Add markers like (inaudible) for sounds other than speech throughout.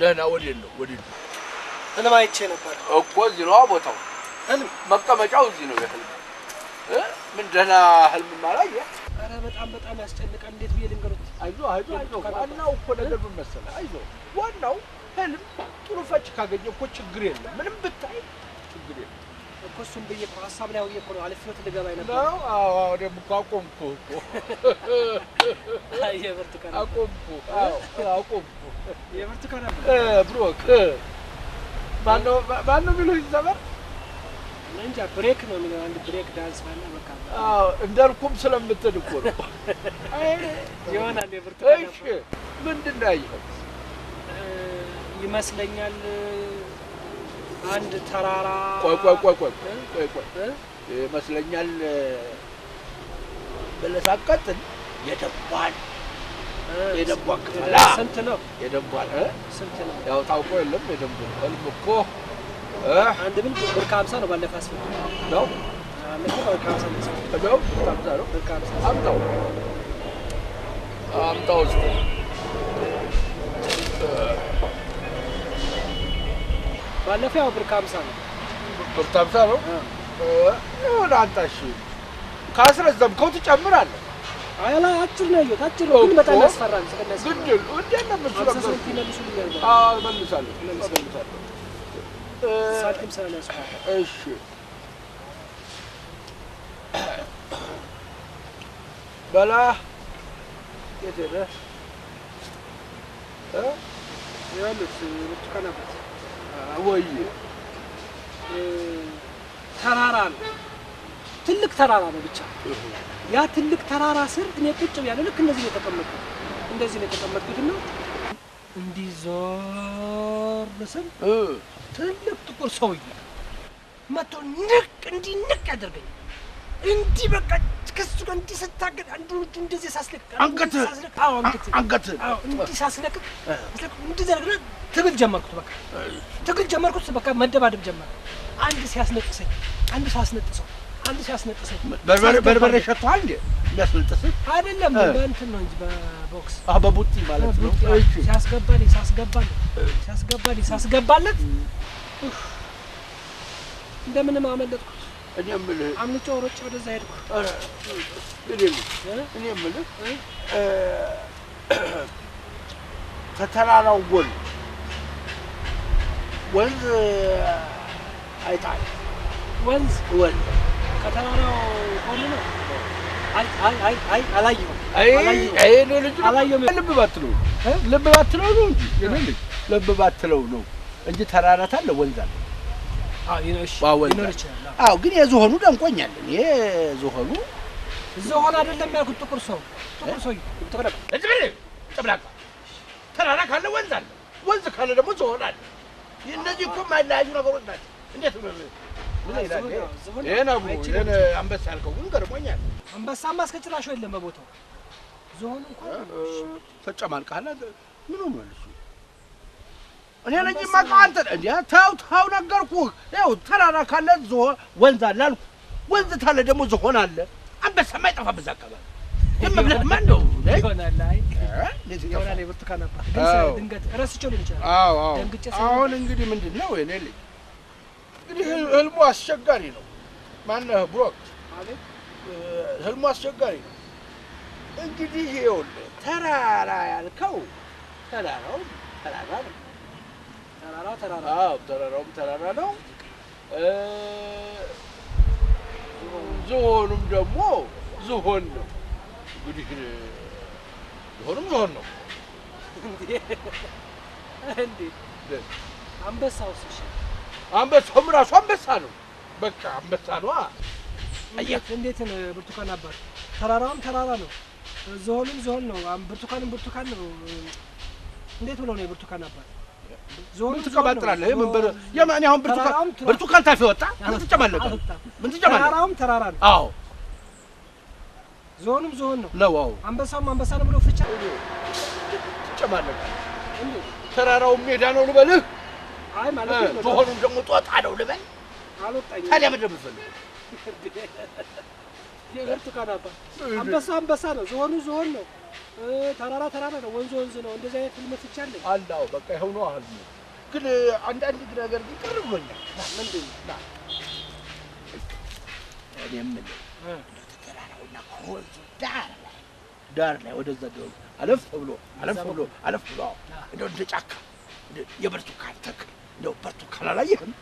ደህና ወዴት ነው? ወዴት ነው? ህልም አይቼ ነበር እኮ። እዚህ ነዋ ቦታው። ህልም መቀመጫው እዚህ ነው። የህልም ምን ደህና ህልም ማላየ። ኧረ በጣም በጣም ያስጨንቃል። እንዴት ብዬ ልንገሩት? አይዞህ አይዞህ አይዞህ። ዋናው እኮ ነገር ምን መሰለህ? አይዞህ ዋናው ህልም ጥሩ ፈች ካገኘ እኮ ችግር የለም። ምንም ብታይ ችግር የለም። እኮ እሱም ብዬሽ ሀሳብ ላይ አውዬ እኮ ነው አልፌው ትልገባኝ ነበር። አዎ ደግሞ እኮ አቆምኩህ እኮ የብርቱካን አቆምኩህ። አዎ አቆምኩህ የብርቱካን ብሮክ ማነው ማነው የሚሉኝ ዘመር እንጃ ብሬክ ነው የሚለው አንድ ብሬክ ዳንስ አለ። በቃ አዎ እንዳልኩም ስለምትል እኮ ነው ይሆናል። የብርቱካን እሺ ምንድን ነው ያየኸው? ይመስለኛል አንድ ተራራ ቆይ ቆይ ቆይ ቆይ ቆይ ቆይ ይመስለኛል ብለህ ሳትቀጥል የደቧን ክፍላ ስንት ነው? የደቧን ስንት ነው? ያው ታውቆ የለም እኮ አንድ ምን ብር ከሀምሳ ነው ባለፈ አስፈ ነው አምጣው አምጣው ባለፈው ያው ብር ከሀምሳ ነው። ብር ከሀምሳ ነው። የሆነ አንተ እሺ ካስረዘምከው ትጨምራለህ። አላ አጭር ነው ያየሁት፣ አጭር ነው ግን በጣም ያስፈራል። ስለነሱ ግድ እንዴት ነው የምትለው? አዎ እመልሳለሁ፣ እመልሳለሁ። ሳልክም ሰላስ እሺ በላ የት ሄደህ? ይኸውልህ ብርቱካን አባት ወይ ተራራ ነው፣ ትልቅ ተራራ ነው። ብቻ ያ ትልቅ ተራራ ስር እኔ ቁጭ ብያለሁ። ልክ እንደዚህ ነው የተቀመጥኩት፣ እንደዚህ ነው የተቀመጥኩትና እንዲዞር ስል ትልቅ ጥቁር ሰውዬ መጥቶ ንቅ እንዲህ ንቅ ያደርገኝ እንዲህ በቃ ከሱ ጋር እንዲህ ስታገድ አንዱ እጅ እንደዚህ ሳስለቅቅ አንገት አንገት እንዲህ ሳስለቅቅ እንደዚህ አድርገና ትግል ጀመርኩት። በቃ ትግል ጀመርኩት። በቃ መደባደብ ጀመር። አንድ ሲያስነጥሰኝ፣ አንድ ሲያስነጥሰው፣ አንድ ሲያስነጥሰኝ። በርበሬ ሸቷል እንዴ የሚያስነጥስህ? አይደለም በእንትን ነው እንጂ በቦክስ በቡጢ ማለት ነው። ሲያስገባልኝ ሳስገባለት ሲያስገባልኝ ሳስገባለት እንደምንም አመለጥኩ። እኔ የምልህ አምልጬ ሮጬ ወደዛ ሄድኩ። እኔ የምልህ ከተራራው ጎን ወንዝ አይጣል። ወንዝ ወንዝ ከተራራው ጎን ነው። ልብ ባትለው ልብ ባትለው ነው እንጂ ልብ ባትለው ነው እንጂ ተራራታ አለ ወንዝ አለ። አዎ፣ ግን የዝሆኑ ደንቆኛል። የዝሆኑ ዝሆን አይደለም ያልኩት፣ ጥቁር ሰው ጥቁር ሰው ጥብላቃ ተራራ ካለ ወንዝ አለ፣ ወንዝ ካለ ደግሞ ዝሆን አለ። እነዚህ እኮ የማይለያዩ ነገሮች ናቸው። እንዴት ይሄን አንበሳ ያልከው ግን ገርሞኛል። አንበሳማ እስከ የለም በቦታው። ዝሆኑ እንኳን ተጨማልቀሃል። ምኑ መልሱ እኔ ነኝ የማውቀው አንተ እንዴ? ተው ተው፣ ነገርኩህ። ያው ተራራ ካለ ዝሆን ወንዝ አለ አልኩህ። ወንዝ ታለ ደግሞ ዝሆን አለ። አንበሳማ አይጠፋም በዛ አካባቢ። ዝም ብለህ ማን ነው አሁን እንግዲህ ምንድን ነው እኔ ልጅ እንግዲህ ህልሙ አስቸጋሪ ነው። ማነህ ብሮክ ህልሙ አስቸጋሪ ነው። እንግዲህ ይኸውልህ ተራራ ያልከው ተራራው ተራራ ነው ተራራ ተራራ አዎ፣ ተራራውም ተራራ ነው። ዝሆኑም ደግሞ ዝሆን ነው። እንግዲህ ዝሆኑም ዝሆን ነው። አንበሳውስ? እሺ አንበሳውም ራሱ አንበሳ ነው። በቃ አንበሳ ነው። እንዴት ብርቱካን አባት፣ ተራራውም ተራራ ነው፣ ዝሆኑም ዝሆን ነው፣ ብርቱካንም ብርቱካን ነው። እንዴት ብሎ ነው የብርቱካን አባት ዞኑ ትቀባጥራለህ። ምን በር የማን አሁን ብርቱካን ብርቱካን ታፊ ወጣ። ምን ትጨማለቃለህ? ምን ትጨማለቃለህ? ተራራውም ተራራ ነው። አዎ ዞኑም ዞን ነው ነው። አዎ አንበሳውም አንበሳ ነው ብሎ ፍቻ ትጨማለቃለህ። ተራራውም ሜዳ ነው ልበልህ? አይ ማለት ነው። ዞኑም ደግሞ ጦጣ ነው ልበል? አልወጣኝ። ታዲያ ምንድን ነው የብርቱካን አባ አንበሳ አንበሳ ነው። ዞኑ ዞን ነው። ተራራ ተራራ ነው፣ ወንዝ ወንዝ ነው። እንደዚህ አይነት ህልም ፍቻ አለኝ አለ። በቃ ይኸው ነው ህልም። ግን አንዳንድ ነገር ግን ቅር ብሎኛል። ምንድን ነው እኔ የምልህ ተራራውና ከወንዙ ዳር ላይ ዳር ላይ ወደዛ ደሆ አለፍ ብሎ አለፍ ብሎ አለፍ ብሎ እንደው እንደ ጫካ የብርቱካን ተክል እንደው ብርቱካን አላየህም?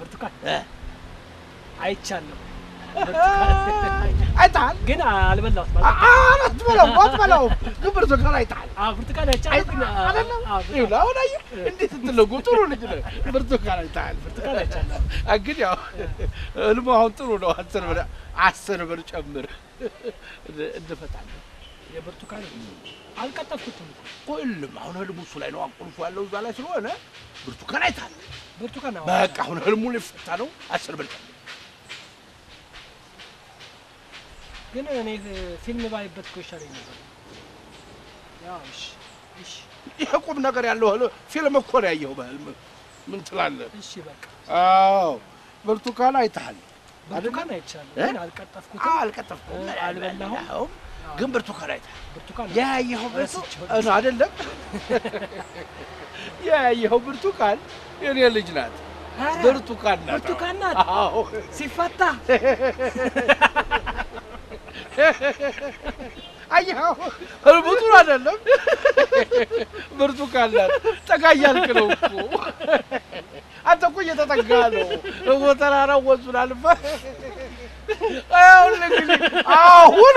ብርቱካን አይቻለሁ (laughs) አይተሃል ግን አልበላሁት። አ አትበላውም፣ ግን ብርቱካን አ ብርቱካን አይቻልም አይደለም። አሁን አየህ እንዴት እንትን ጥሩ ልጅ ነህ። ብርቱካን አይተሃል? ብርቱካን አይቻልም። እንግዲህ ያው ህልሙ አሁን ጥሩ ነው። አስር ብር አስር ብር ጨምር እንፈታለን። የብርቱካን አልቀጠፍኩትም እኮ የለም። አሁን ህልሙ እሱ ላይ ነው። አቁልፎ ያለው እዛ ላይ ስለሆነ ብርቱካን አይተሃል? ብርቱካን በቃ አሁን ህልሙ ሊፈታ ነው። አስር ብር ጨምር ግን እኔ ፊልም ባይበት እኮ ይሻለኝ ነበር። ያው እሺ፣ እሺ፣ ይሄ ቁም ነገር ያለው ፊልም እኮ ነው ያየው። በህልም። ምን ትላለህ? እሺ፣ በቃ አዎ። ብርቱካን አይተሃል? ብርቱካን አይቻለሁ፣ ግን አልቀጠፍኩትም። አልቀጠፍኩም፣ አልበላሁም፣ ግን ብርቱካን አይተሃል? ብርቱካን ያየኸው ብርቱ እና አይደለም (laughs) ያየኸው ብርቱካን የኔ ልጅ ናት። ብርቱካን ናት፣ ብርቱካን ናት። ሲፈታ (laughs) አየኸው፣ እርቡጡን አይደለም ብርቱካን ካላት ጠጋ እያልክ ነው እኮ አንተ እኮ እየተጠጋ ነው እኮ ተራራው ወንዙን አሁን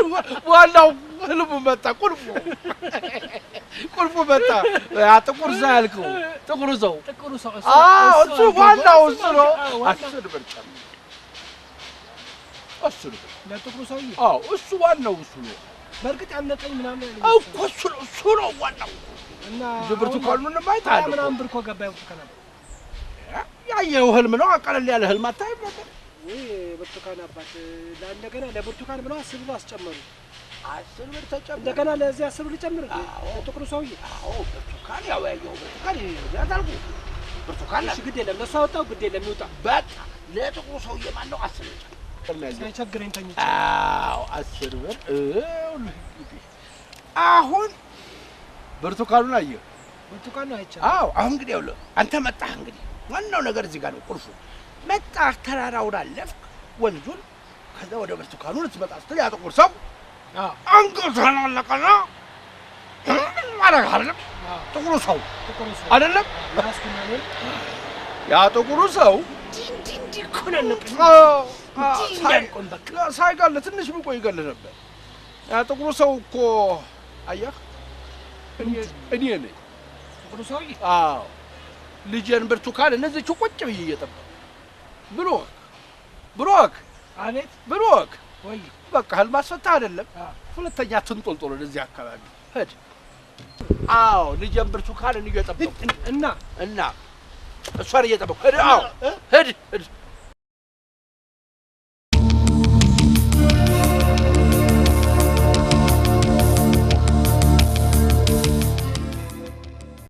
ዋናው ህልሙ መጣ። ቁልፉ ቁልፉ መጣ። ጥቁር እዛ ያልከው ጥቁሩ ሰው ጥቁሩ ሰው እሱ ዋናው እሱ ነው። እሱ ነው ለጥቁሩ ሰውዬ። አዎ እሱ ዋናው እሱ ነው። በእርግጥ ያነቀኝ ምናምን እኮ እሱ ነው እሱ ነው ዋናው። እና ብርቱካኑንም አይተሃል ምናምን ብር እኮ ገባ ብርቱካን ያየኸው ህልም ነው። አቀለል ያለ ህልም አታይም ነበር ወይ? ብርቱካን አባት እንደገና ለብርቱካን ብለው አስር ብር አስጨመሩ። አስር ብር ተጨመረ። እንደገና ለዚህ አስር ብር ጨምር። ለጥቁሩ ሰውዬ አዎ ብርቱካን ያው ያየኸው ብርቱካን ያታልኩ ብርቱካን። እሺ ግድ የለም ለእሱ አወጣው ግድ የለም ይውጣ። በቃ ለጥቁሩ ሰውዬ ማነው አስር ብር መካከል ነው ያለው። ተኝቼ። አዎ አስር ብር አሁን ብርቱካኑን ብርቱካኑ አይቻልም። አዎ አሁን እንግዲህ ይኸውልህ አንተ መጣህ። እንግዲህ ዋናው ነገር እዚህ ጋር ነው ቁልፉ። መጣህ፣ ተራራውን አለፍክ፣ ወንዙን፣ ከዛ ወደ ብርቱካኑ ልትመጣ ስትል ያ ጥቁር ሰው አለቀና አይደለም ጥቁሩ ሰው አይደለም ያ ጥቁሩ ሰው ዲንዲንዲ ኮነነቅ ሳይጋለ ትንሽ ብቆይ ይገል ነበር። ጥቁሩ ሰው እኮ አያህ እኔ ነኝ። ጥቁሩ ሰውዬ? አዎ ልጄን ብርቱካን እነዚህቹ ቁጭ ብዬ እየጠበኩ ብሮክ ብሮክ፣ አቤት ብሮክ። ወይ በቃ ህልም አስፈታህ አይደለም። ሁለተኛ ትንጦልጦሎ ወደዚህ አካባቢ ሂድ። አዎ ልጄን ብርቱካንን እየጠበኩ እና እና እሷን እየጠበኩ ሂድ። አዎ ሂድ ሂድ